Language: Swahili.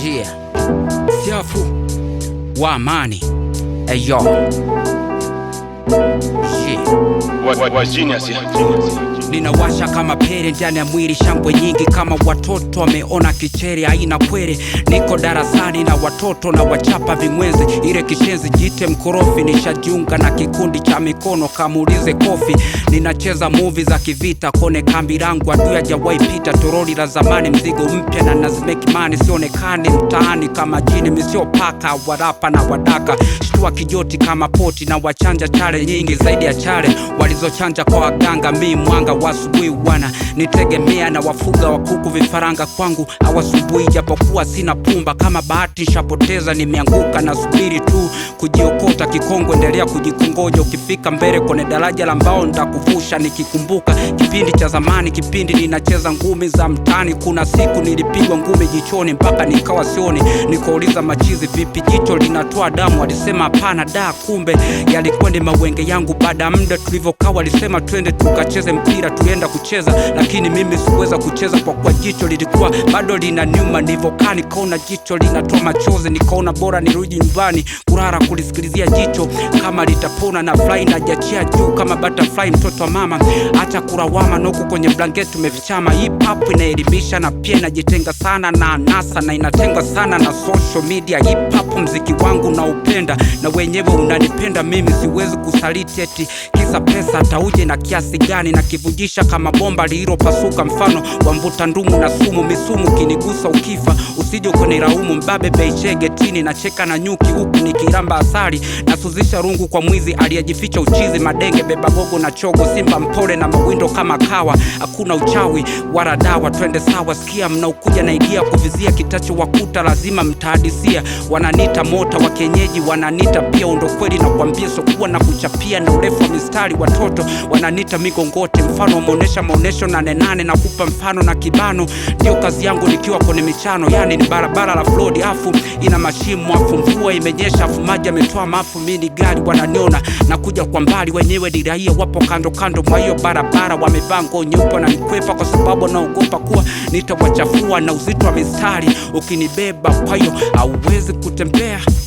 njia Siafu wa amani eyo linawasha kama pere ndani ya mwili, shambwe nyingi kama watoto wameona kichere, haina kwere. Niko darasani na watoto na wachapa vingwenzi, ile kishenzi jite mkorofi, nishajiunga na kikundi cha mikono kamuulize kofi. Ninacheza movie za kivita kone kambi langu, adui hajawahi pita, toroli la zamani, mzigo mpya na nazimeki mani, sionekani mtaani kama jini, misio paka warapa na wadaka, shtua kijoti kama poti na wachanja chale nyingi zaidi ya chale walizochanja kwa waganga, mi mwanga hawasumbui bwana, nitegemea na wafuga wa kuku, vifaranga kwangu hawasumbui, japokuwa sina pumba. Kama bahati nshapoteza, nimeanguka na subiri tu kujiokota. Kikongo endelea kujikongoja, ukifika mbele kwenye daraja la mbao nitakuvusha. Nikikumbuka kipindi cha zamani, kipindi ninacheza ngumi za mtani, kuna siku nilipigwa ngumi jichoni mpaka nikawa sioni. Nikauliza machizi, vipi jicho linatoa damu? Alisema hapana da, kumbe yalikuwa ni mawenge yangu. Baada ya muda tulivyokaa, walisema twende tukacheze mpira Uganda tulienda kucheza, lakini mimi sikuweza kucheza kwa kuwa jicho lilikuwa bado lina linaniuma. Nilivyokaa nikaona jicho linatoa machozi, nikaona bora nirudi nyumbani kurara kulisikilizia jicho kama litapona, na fly na jachia juu kama butterfly, mtoto wa mama, acha kurawama noku kwenye blanketi umefichama. Hip hop inaelimisha na pia inajitenga sana na anasa na inatengwa sana na social media. Hip hop mziki wangu na upenda na wenyewe unanipenda mimi, siwezi kusaliti eti kisa pesa, tauje na kiasi gani na kivuji Najisha kama bomba lililopasuka, mfano wa mvuta ndumu na sumu. Misumu kinigusa ukifa, usije ukaniraumu. Mbabe bei na cheka na nyuki huku nikiramba asali. Nasuzisha rungu kwa mwizi aliyejificha uchizi. Madenge beba gogo na chogo, simba mpole na mawindo kama kawa. Hakuna uchawi wala dawa, twende sawa. Sikia mnaokuja na idea kuvizia kitacho, wakuta lazima mtahadisia. Wananita mota wa kienyeji, wananita pia undo kweli, na kuambia sokuwa na kuchapia na urefu wa mistari. Watoto wananita migongote mfano mfano maonesha maonesho nane nane na kupa mfano na kibano, ndio kazi yangu nikiwa kwenye michano. Yani ni barabara la flood, afu ina mashimo, afu mvua imenyesha, afu maji ametwama, mafu, mimi ni gari wananiona na kuja kwa mbali, wenyewe ni raia, wapo kando kando mwa hiyo barabara, wamevaa nguo nyeupe na nikwepa kwa sababu naogopa kuwa nitawachafua na uzito wa mistari ukinibeba, kwa hiyo hauwezi kutembea.